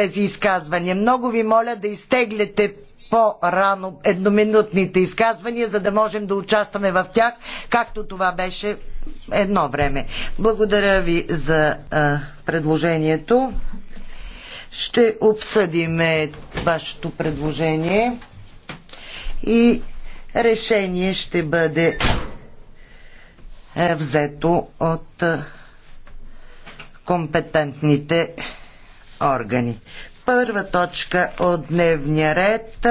тези изказвания. Много ви моля да изтегляте по-рано едноминутните изказвания, за да можем да участваме в тях, както това беше едно време. Благодаря ви за а, предложението. Ще обсъдиме вашето предложение и решение ще бъде е, взето от компетентните органи. Първа точка от дневния ред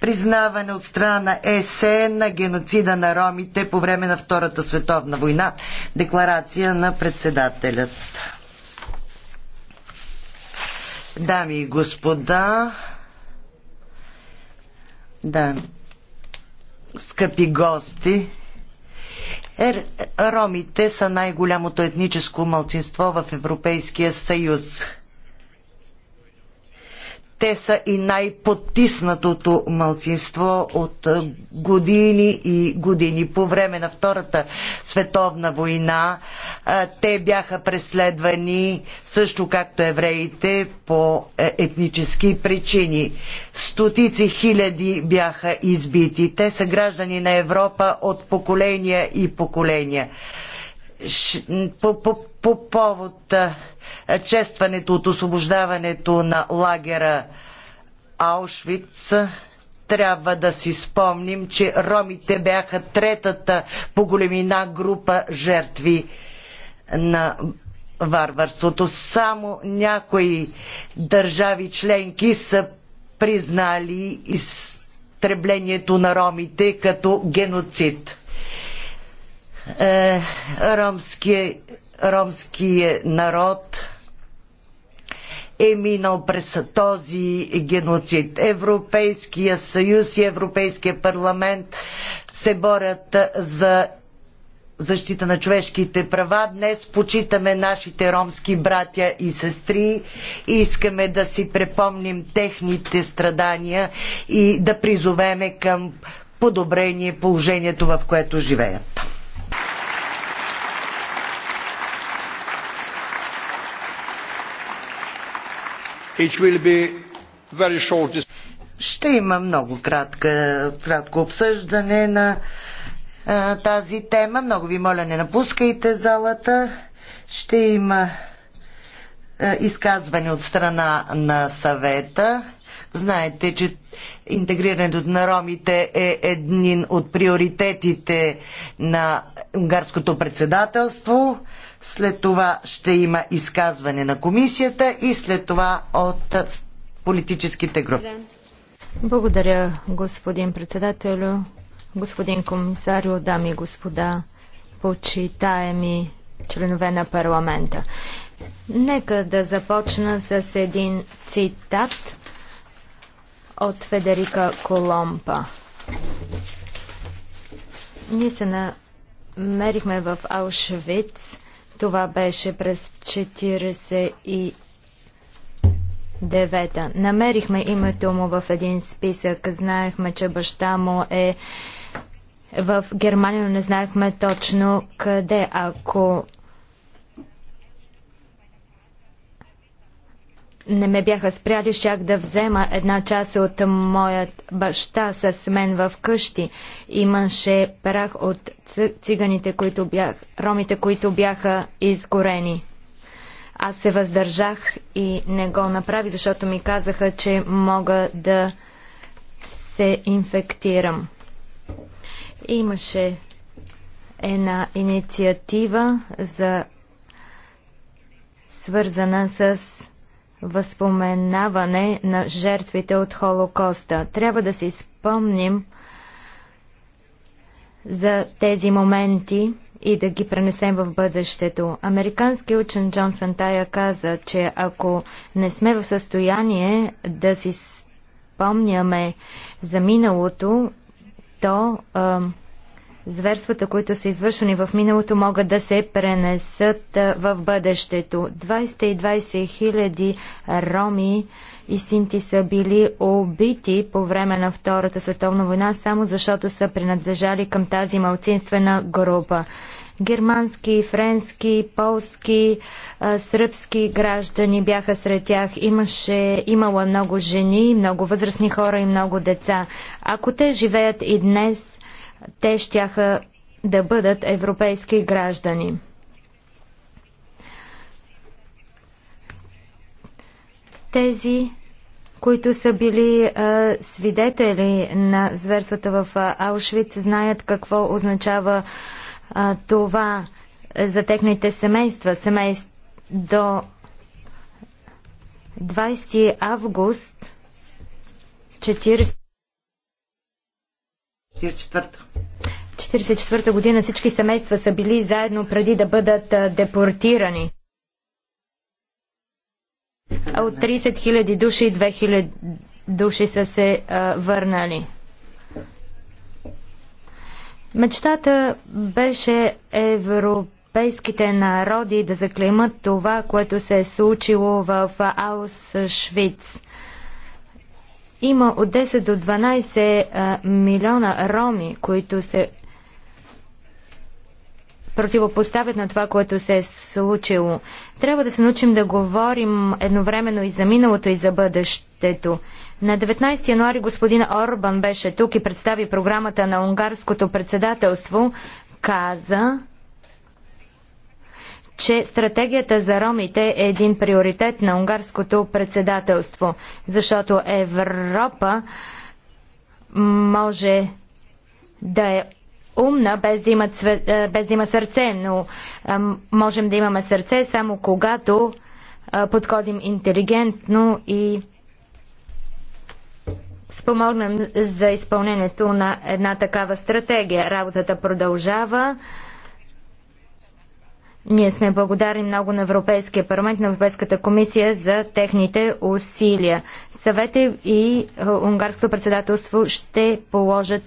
признаване от страна ЕСЕ на геноцида на ромите по време на Втората световна война. Декларация на председателят. Дами и господа, да, скъпи гости, Р- е, ромите са най-голямото етническо мълцинство в Европейския съюз. Те са и най-потиснатото мълцинство от е, години и години. По време на Втората световна война е, те бяха преследвани също както евреите по е, етнически причини. Стотици хиляди бяха избити. Те са граждани на Европа от поколения и поколения по повод честването от освобождаването на лагера Аушвиц, трябва да си спомним, че ромите бяха третата по големина група жертви на варварството. Само някои държави членки са признали изтреблението на ромите като геноцид. Е, ромският ромския народ е минал през този геноцид. Европейския съюз и Европейския парламент се борят за защита на човешките права. Днес почитаме нашите ромски братя и сестри и искаме да си препомним техните страдания и да призовеме към подобрение положението, в което живеят. Ще има много кратка, кратко обсъждане на а, тази тема. Много ви моля, не напускайте залата. Ще има е, изказване от страна на съвета. Знаете, че интегрирането на ромите е един от приоритетите на унгарското председателство. След това ще има изказване на комисията и след това от политическите групи. Благодаря, господин председателю, господин комисарио, дами и господа, почитаеми членове на парламента. Нека да започна с един цитат от Федерика Коломпа. Ние се намерихме в Аушвиц. Това беше през 49 та Намерихме името му в един списък. Знаехме, че баща му е в Германия, но не знаехме точно къде. Ако не ме бяха спряли, щях да взема една част от моят баща с мен в къщи. Имаше прах от циганите, които бях, ромите, които бяха изгорени. Аз се въздържах и не го направи, защото ми казаха, че мога да се инфектирам. Имаше една инициатива за свързана с възпоменаване на жертвите от Холокоста. Трябва да се спомним за тези моменти и да ги пренесем в бъдещето. Американски учен Джон Сантая каза, че ако не сме в състояние да си спомняме за миналото, то а, Зверствата, които са извършени в миналото, могат да се пренесат в бъдещето. 20 и 20 хиляди роми и синти са били убити по време на Втората световна война, само защото са принадлежали към тази малцинствена група. Германски, френски, полски, сръбски граждани бяха сред тях. Имаше, имало много жени, много възрастни хора и много деца. Ако те живеят и днес, те щяха да бъдат европейски граждани. Тези, които са били а, свидетели на зверствата в Аушвиц, знаят какво означава а, това за техните семейства. Семейств... До 20 август 40... 44 1944 година всички семейства са били заедно преди да бъдат депортирани. От 30 000 души 2000 души са се а, върнали. Мечтата беше европейските народи да заклеймат това, което се е случило в Аусшвиц. Има от 10 до 12 а, милиона роми, които се противопоставят на това, което се е случило. Трябва да се научим да говорим едновременно и за миналото, и за бъдещето. На 19 януари господин Орбан беше тук и представи програмата на унгарското председателство. Каза, че стратегията за ромите е един приоритет на унгарското председателство, защото Европа може да е умна, без да, имат, е, без да има сърце, но е, можем да имаме сърце само когато е, подходим интелигентно и спомогнем за изпълнението на една такава стратегия. Работата продължава. Ние сме благодарни много на Европейския парламент, на Европейската комисия за техните усилия. Съвете и унгарското председателство ще положат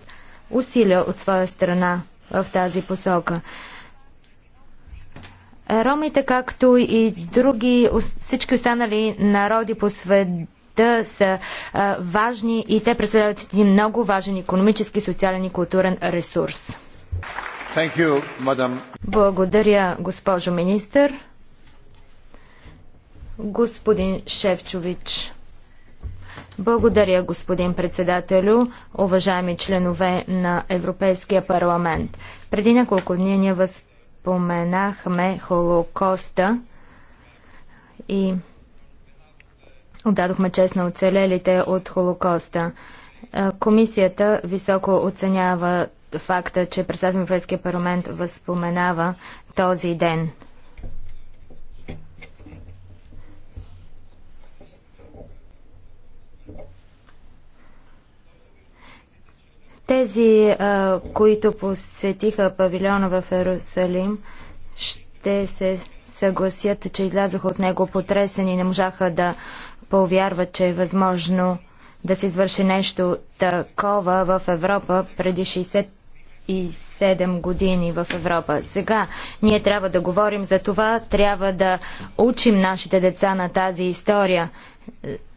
усилия от своя страна в тази посока. Ромите, както и други, всички останали народи по света са а, важни и те представляват един много важен економически, социален и културен ресурс. Thank you, madam. Благодаря, госпожо министър. Господин Шевчович. Благодаря, господин председателю, уважаеми членове на Европейския парламент. Преди няколко дни ние възпоменахме Холокоста и отдадохме чест на оцелелите от Холокоста. Комисията високо оценява факта, че председател на Европейския парламент възпоменава този ден. Тези, а, които посетиха павилиона в Ерусалим, ще се съгласят, че излязох от него потресени и не можаха да повярват, че е възможно да се извърши нещо такова в Европа преди 67 години в Европа. Сега ние трябва да говорим за това, трябва да учим нашите деца на тази история,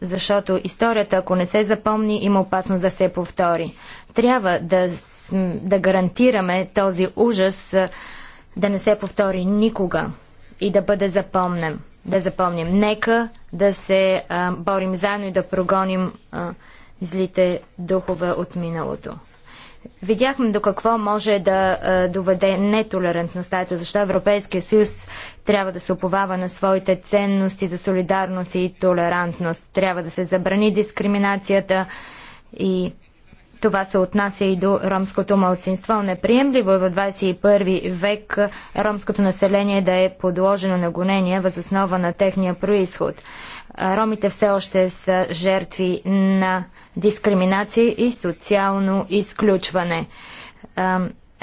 защото историята, ако не се запомни, има опасност да се повтори. Трябва да, да гарантираме този ужас да не се повтори никога и да бъде запомнен. Да запомним. Нека да се а, борим заедно и да прогоним а, злите духове от миналото. Видяхме до какво може да а, доведе нетолерантността. Ето защо Европейския съюз трябва да се оповава на своите ценности за солидарност и толерантност. Трябва да се забрани дискриминацията и това се отнася и до ромското малцинство. Неприемливо е в 21 век ромското население да е подложено на гонение възоснова на техния происход. Ромите все още са жертви на дискриминация и социално изключване.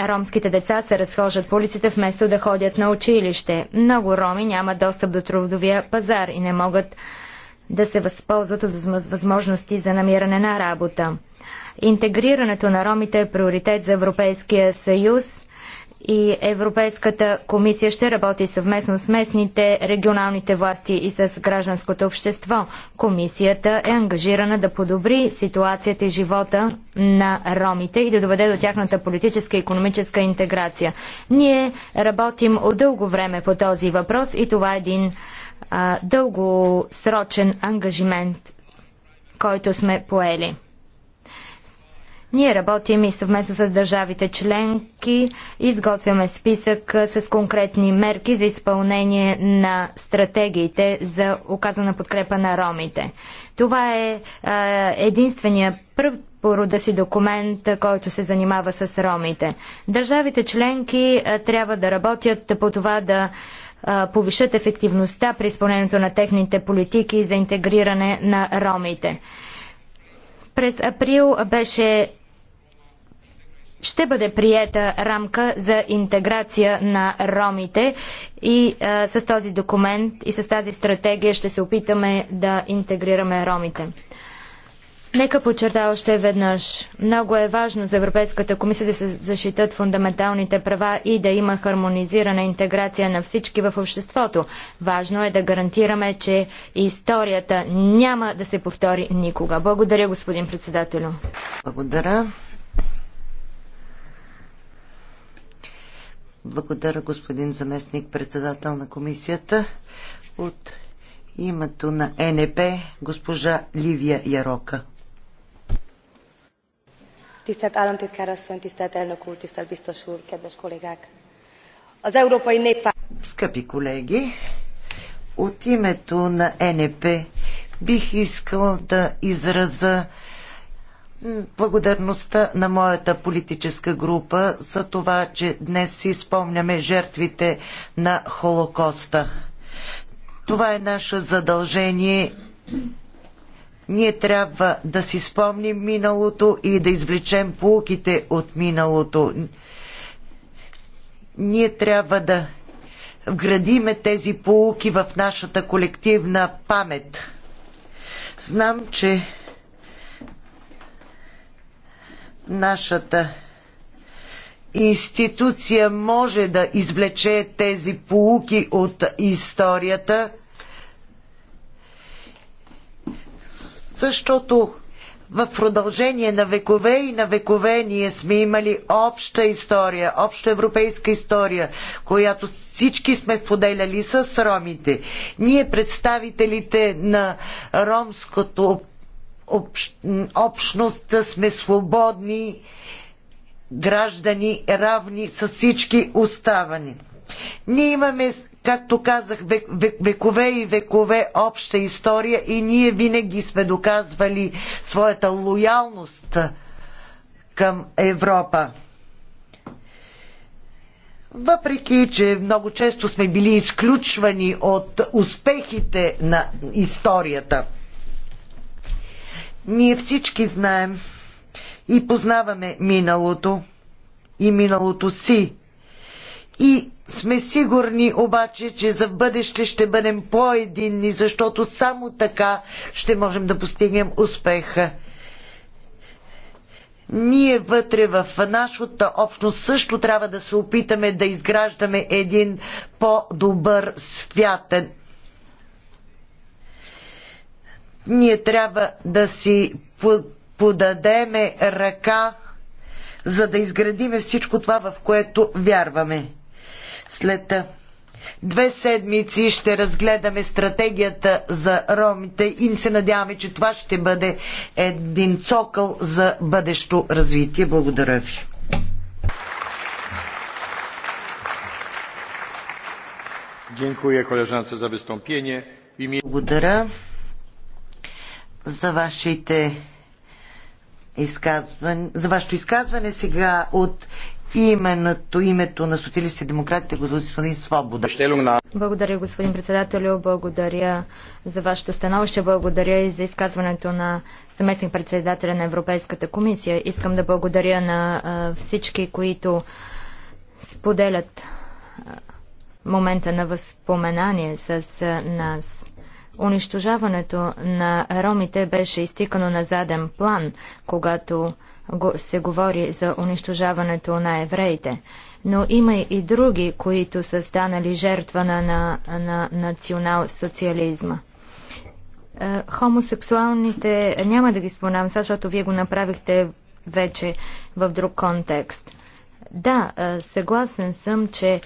Ромските деца се разхождат по улиците вместо да ходят на училище. Много роми нямат достъп до трудовия пазар и не могат да се възползват от възможности за намиране на работа. Интегрирането на ромите е приоритет за Европейския съюз и Европейската комисия ще работи съвместно с местните, регионалните власти и с гражданското общество. Комисията е ангажирана да подобри ситуацията и живота на ромите и да доведе до тяхната политическа и економическа интеграция. Ние работим от дълго време по този въпрос и това е един а, дългосрочен ангажимент, който сме поели. Ние работим и съвместно с държавите членки, изготвяме списък с конкретни мерки за изпълнение на стратегиите за оказана подкрепа на ромите. Това е единствения първ порода си документ, който се занимава с ромите. Държавите членки трябва да работят по това да повишат ефективността при изпълнението на техните политики за интегриране на ромите. През април беше ще бъде приета рамка за интеграция на ромите и а, с този документ и с тази стратегия ще се опитаме да интегрираме ромите. Нека подчертая още веднъж. Много е важно за Европейската комисия да се защитат фундаменталните права и да има хармонизирана интеграция на всички в обществото. Важно е да гарантираме, че историята няма да се повтори никога. Благодаря, господин председател. Благодаря. Благодаря, господин заместник председател на комисията. От името на НП, госпожа Ливия Ярока. Tisztelt államtitkár asszony, tisztelt elnök úr, tisztelt biztos úr, kedves kollégák! Az Európai Néppárt... Szkepi kollégi, от името на НП бих izraza благодарността на моята политическа група за това, че днес си спомняме жертвите на Холокоста. Това е наше задължение. Ние трябва да си спомним миналото и да извлечем полуките от миналото. Ние трябва да вградиме тези полуки в нашата колективна памет. Знам, че нашата институция може да извлече тези полуки от историята, защото в продължение на векове и на векове ние сме имали обща история, обща европейска история, която всички сме поделяли с ромите. Ние, представителите на ромското общ, общност сме свободни граждани, равни с всички оставани. Ние имаме, както казах, векове и векове обща история и ние винаги сме доказвали своята лоялност към Европа. Въпреки, че много често сме били изключвани от успехите на историята – ние всички знаем и познаваме миналото и миналото си. И сме сигурни обаче, че за бъдеще ще бъдем по-единни, защото само така ще можем да постигнем успеха. Ние вътре в нашата общност също трябва да се опитаме да изграждаме един по-добър свят, ние трябва да си подадеме ръка, за да изградиме всичко това, в което вярваме. След две седмици ще разгледаме стратегията за ромите и се надяваме, че това ще бъде един цокъл за бъдещо развитие. Благодаря ви. Благодаря за вашите изказване, за вашето изказване сега от именото, името на социалистите демократите, господин Свобода. Благодаря, господин председател, Благодаря за вашето становище. Благодаря и за изказването на съместник председателя на Европейската комисия. Искам да благодаря на всички, които споделят момента на възпоменание с нас. Унищожаването на ромите беше изтикано на заден план, когато се говори за унищожаването на евреите. Но има и други, които са станали жертва на, на, на национал-социализма. Е, хомосексуалните няма да ги споменавам, защото вие го направихте вече в друг контекст. Да, е, съгласен съм, че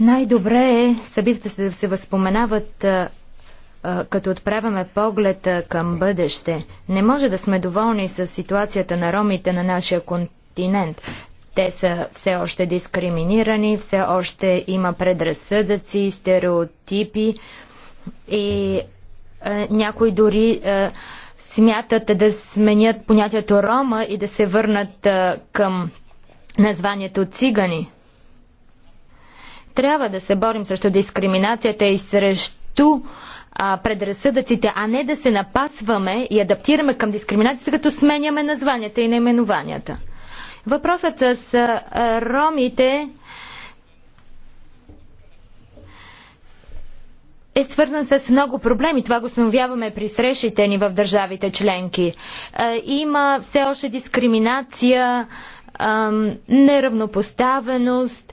най-добре е събитията се да се възпоменават като отправяме поглед към бъдеще. Не може да сме доволни с ситуацията на ромите на нашия континент. Те са все още дискриминирани, все още има предразсъдъци, стереотипи и е, някои дори е, смятат да сменят понятието рома и да се върнат е, към названието цигани. Трябва да се борим срещу дискриминацията и срещу а, предразсъдъците, а не да се напасваме и адаптираме към дискриминацията, като сменяме названията и наименованията. Въпросът с а, ромите е свързан с много проблеми. Това го установяваме при срещите ни в държавите членки. Има все още дискриминация неравнопоставеност.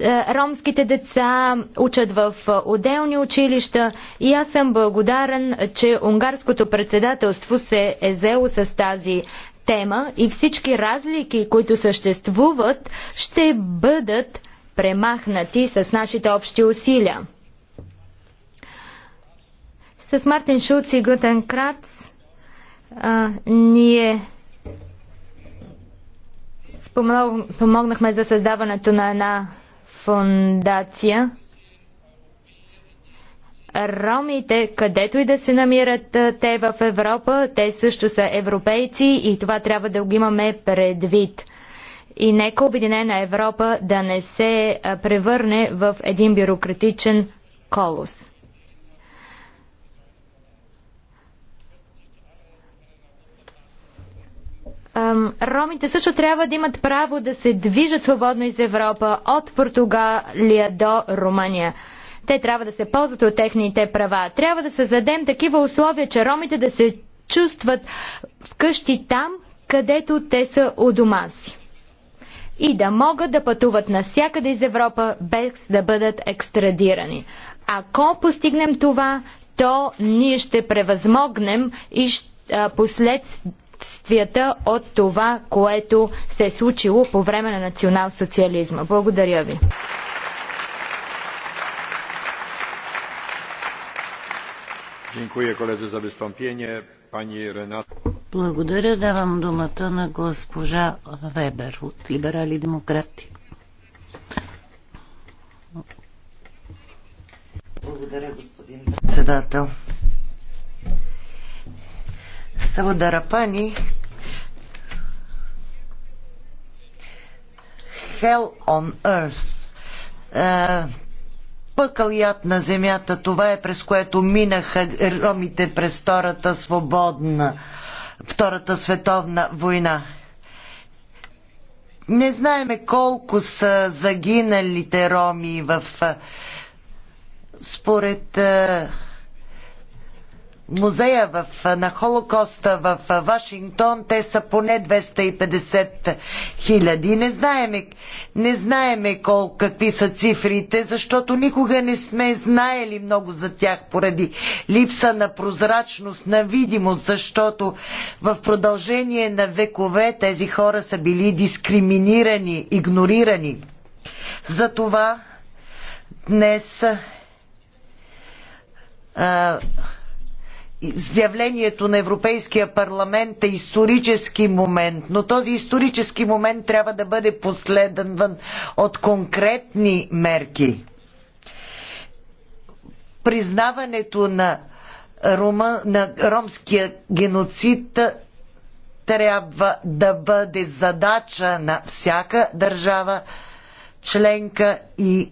Е, ромските деца учат в е, отделни училища и аз съм благодарен, че унгарското председателство се е взело с тази тема и всички разлики, които съществуват, ще бъдат премахнати с нашите общи усилия. С Мартин Шулц и Гутен Крац а, ние Помогнахме за създаването на една фундация. Ромите, където и да се намират те в Европа, те също са европейци и това трябва да го имаме предвид. И нека Обединена Европа да не се превърне в един бюрократичен колос. Ромите също трябва да имат право да се движат свободно из Европа от Португалия до Румъния. Те трябва да се ползват от техните права. Трябва да създадем такива условия, че ромите да се чувстват вкъщи там, където те са у дома си. И да могат да пътуват навсякъде из Европа, без да бъдат екстрадирани. Ако постигнем това, то ние ще превъзмогнем и ще, а, послед, последствията от това, което се е случило по време на национал-социализма. Благодаря ви. Благодаря. Давам думата на госпожа Вебер от Либерали демократи. Благодаря, господин председател. Савода Рапани, Hell on Earth. Е, пъкъл яд на земята, това е през което минаха ромите през Втората свободна, Втората световна война. Не знаеме колко са загиналите роми в е, според е, музея в, на Холокоста в Вашингтон, те са поне 250 хиляди. Не знаеме, не знаем кол, какви са цифрите, защото никога не сме знаели много за тях поради липса на прозрачност, на видимост, защото в продължение на векове тези хора са били дискриминирани, игнорирани. Затова днес а, изявлението на Европейския парламент е исторически момент, но този исторически момент трябва да бъде последван от конкретни мерки. Признаването на, рома, на ромския геноцид трябва да бъде задача на всяка държава членка и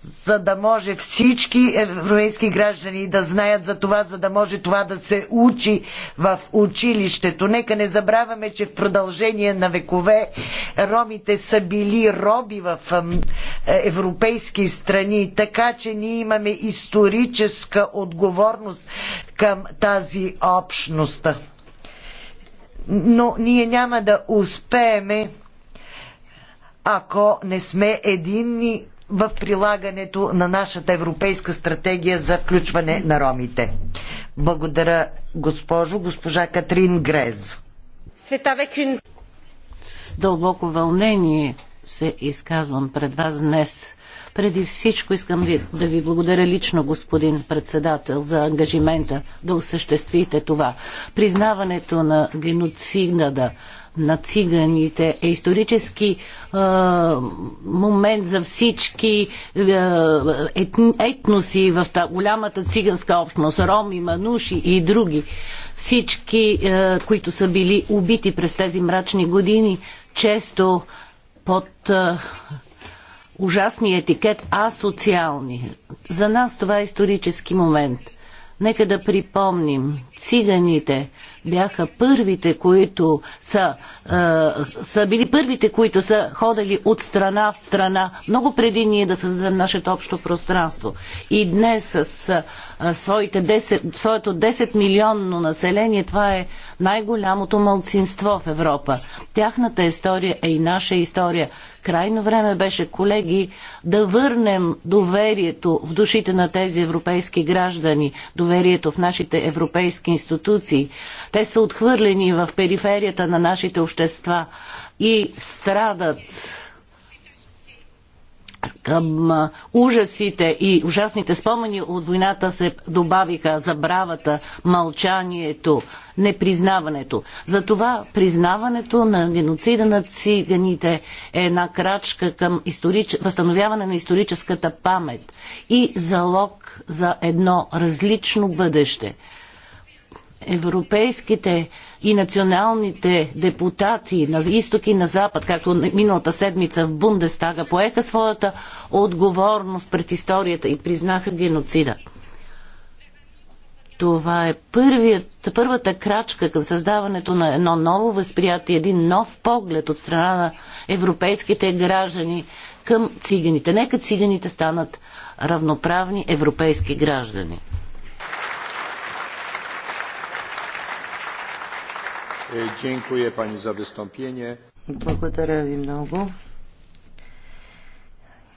за да може всички европейски граждани да знаят за това, за да може това да се учи в училището. Нека не забравяме, че в продължение на векове ромите са били роби в е, европейски страни, така че ние имаме историческа отговорност към тази общност. Но ние няма да успееме ако не сме единни в прилагането на нашата европейска стратегия за включване на ромите. Благодаря, госпожо, госпожа Катрин Грез. С дълбоко вълнение се изказвам пред вас днес. Преди всичко искам ви, да ви благодаря лично, господин председател, за ангажимента да осъществите това. Признаването на геноцида, на циганите е исторически е, момент за всички е, ет, етноси в та, голямата циганска общност, роми, мануши и други. Всички, е, които са били убити през тези мрачни години, често под е, ужасния етикет асоциални. За нас това е исторически момент. Нека да припомним, циганите бяха първите, които са, е, са били първите, които са ходили от страна в страна, много преди ние да създадем нашето общо пространство. И днес с своите 10, своето 10 милионно население. Това е най-голямото мълцинство в Европа. Тяхната история е и наша история. Крайно време беше, колеги, да върнем доверието в душите на тези европейски граждани, доверието в нашите европейски институции. Те са отхвърлени в периферията на нашите общества и страдат към ужасите и ужасните спомени от войната се добавиха забравата, мълчанието, непризнаването. Затова признаването на геноцида на циганите е една крачка към историч... възстановяване на историческата памет и залог за едно различно бъдеще – европейските и националните депутати на изток и на запад, както миналата седмица в Бундестага, поеха своята отговорност пред историята и признаха геноцида. Това е първият, първата крачка към създаването на едно ново възприятие, един нов поглед от страна на европейските граждани към циганите. Нека циганите станат равноправни европейски граждани. E, dziękuję Pani za wystąpienie. Благодаря ви много.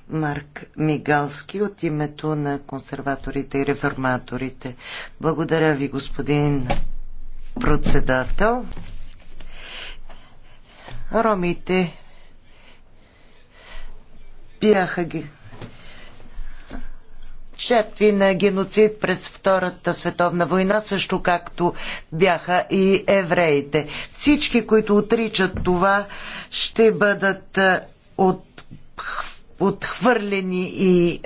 Марк Мигалски от името на консерваторите и реформаторите. Благодаря ви, господин председател. Ромите бяха ги жертви на геноцид през Втората световна война, също както бяха и евреите. Всички, които отричат това, ще бъдат от отхвърлени и е,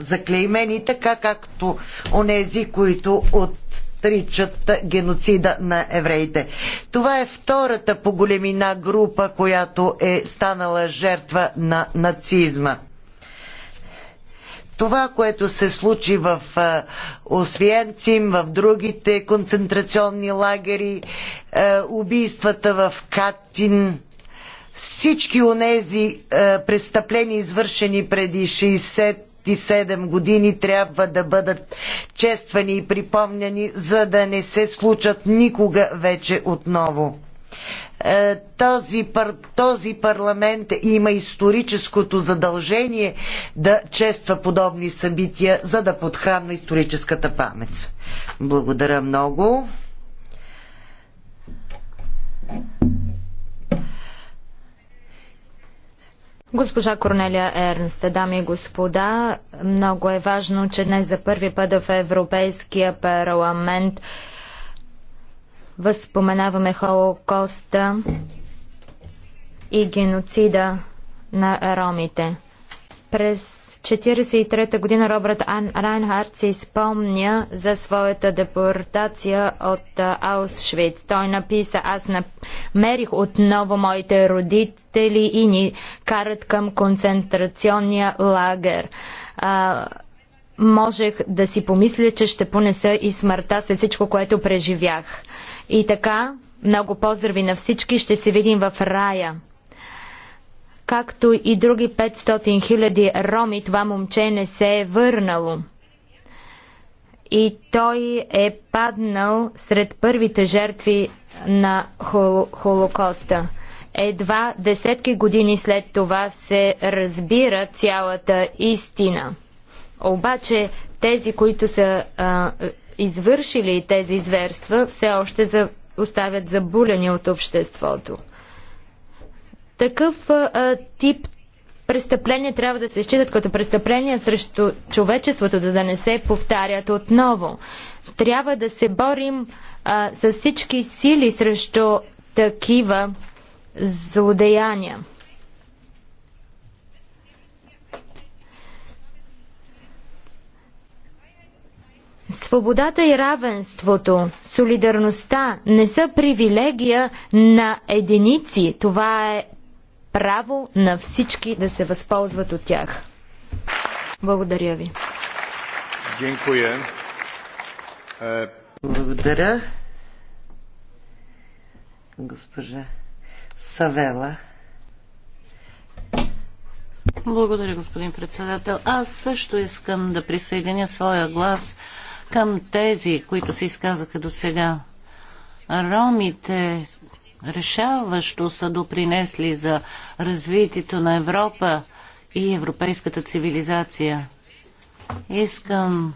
заклеймени, така както онези, които отричат геноцида на евреите. Това е втората по големина група, която е станала жертва на нацизма това, което се случи в Освенцим, в другите концентрационни лагери, убийствата в Катин, всички онези престъпления, извършени преди 67 години трябва да бъдат чествани и припомняни, за да не се случат никога вече отново. Е, този, този парламент има историческото задължение да чества подобни събития, за да подхранва историческата памет. Благодаря много. Госпожа Корнелия Ернст, дами и господа, много е важно, че днес за първи път в Европейския парламент възпоменаваме Холокоста и геноцида на ромите. През 1943 година Робърт Ан Райнхард се изпомня за своята депортация от Аушвиц. Той написа, аз намерих отново моите родители и ни карат към концентрационния лагер можех да си помисля, че ще понеса и смъртта след всичко, което преживях. И така, много поздрави на всички, ще се видим в рая. Както и други 500 хиляди роми, това момче не се е върнало. И той е паднал сред първите жертви на хол- Холокоста. Едва десетки години след това се разбира цялата истина. Обаче тези, които са а, извършили тези зверства, все още за, оставят забулени от обществото. Такъв а, тип престъпления трябва да се считат като престъпления срещу човечеството, да не се повтарят отново. Трябва да се борим а, с всички сили срещу такива злодеяния. Свободата и равенството, солидарността не са привилегия на единици. Това е право на всички да се възползват от тях. Благодаря ви. Е, Благодаря. Госпожа Савела. Благодаря, господин председател. Аз също искам да присъединя своя глас към тези, които се изказаха до сега. Ромите решаващо са допринесли за развитието на Европа и европейската цивилизация. Искам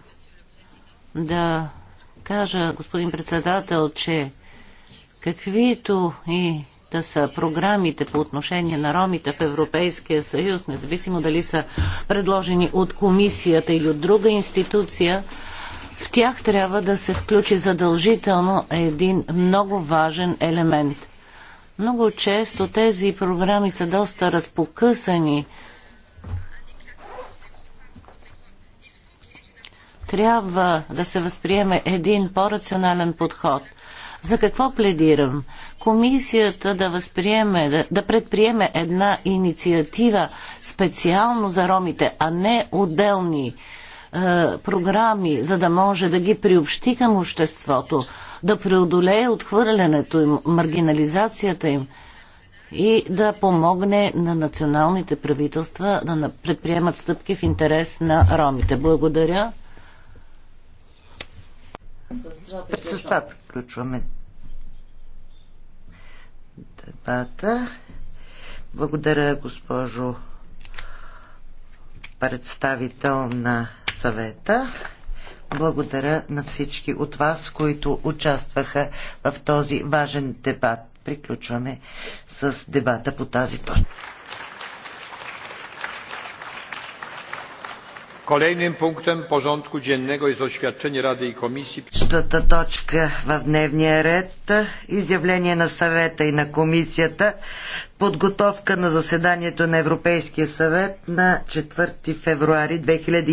да кажа, господин председател, че каквито и да са програмите по отношение на ромите в Европейския съюз, независимо дали са предложени от комисията или от друга институция, в тях трябва да се включи задължително един много важен елемент. Много често тези програми са доста разпокъсани. Трябва да се възприеме един по-рационален подход – за какво пледирам? Комисията да възприеме, да, да предприеме една инициатива специално за ромите, а не отделни е, програми, за да може да ги приобщи към обществото, да преодолее отхвърлянето им, маргинализацията им и да помогне на националните правителства да предприемат стъпки в интерес на ромите. Благодаря. С това приключваме дебата. Благодаря, госпожо представител на съвета. Благодаря на всички от вас, които участваха в този важен дебат. Приключваме с дебата по тази точка. Kolejnym punktem porządku dziennego jest oświadczenie Rady i Komisji. Четвъртата точка в дневния ред изявление на съвета и на комисията подготовка на заседанието на Европейския съвет на 4 февруари 2000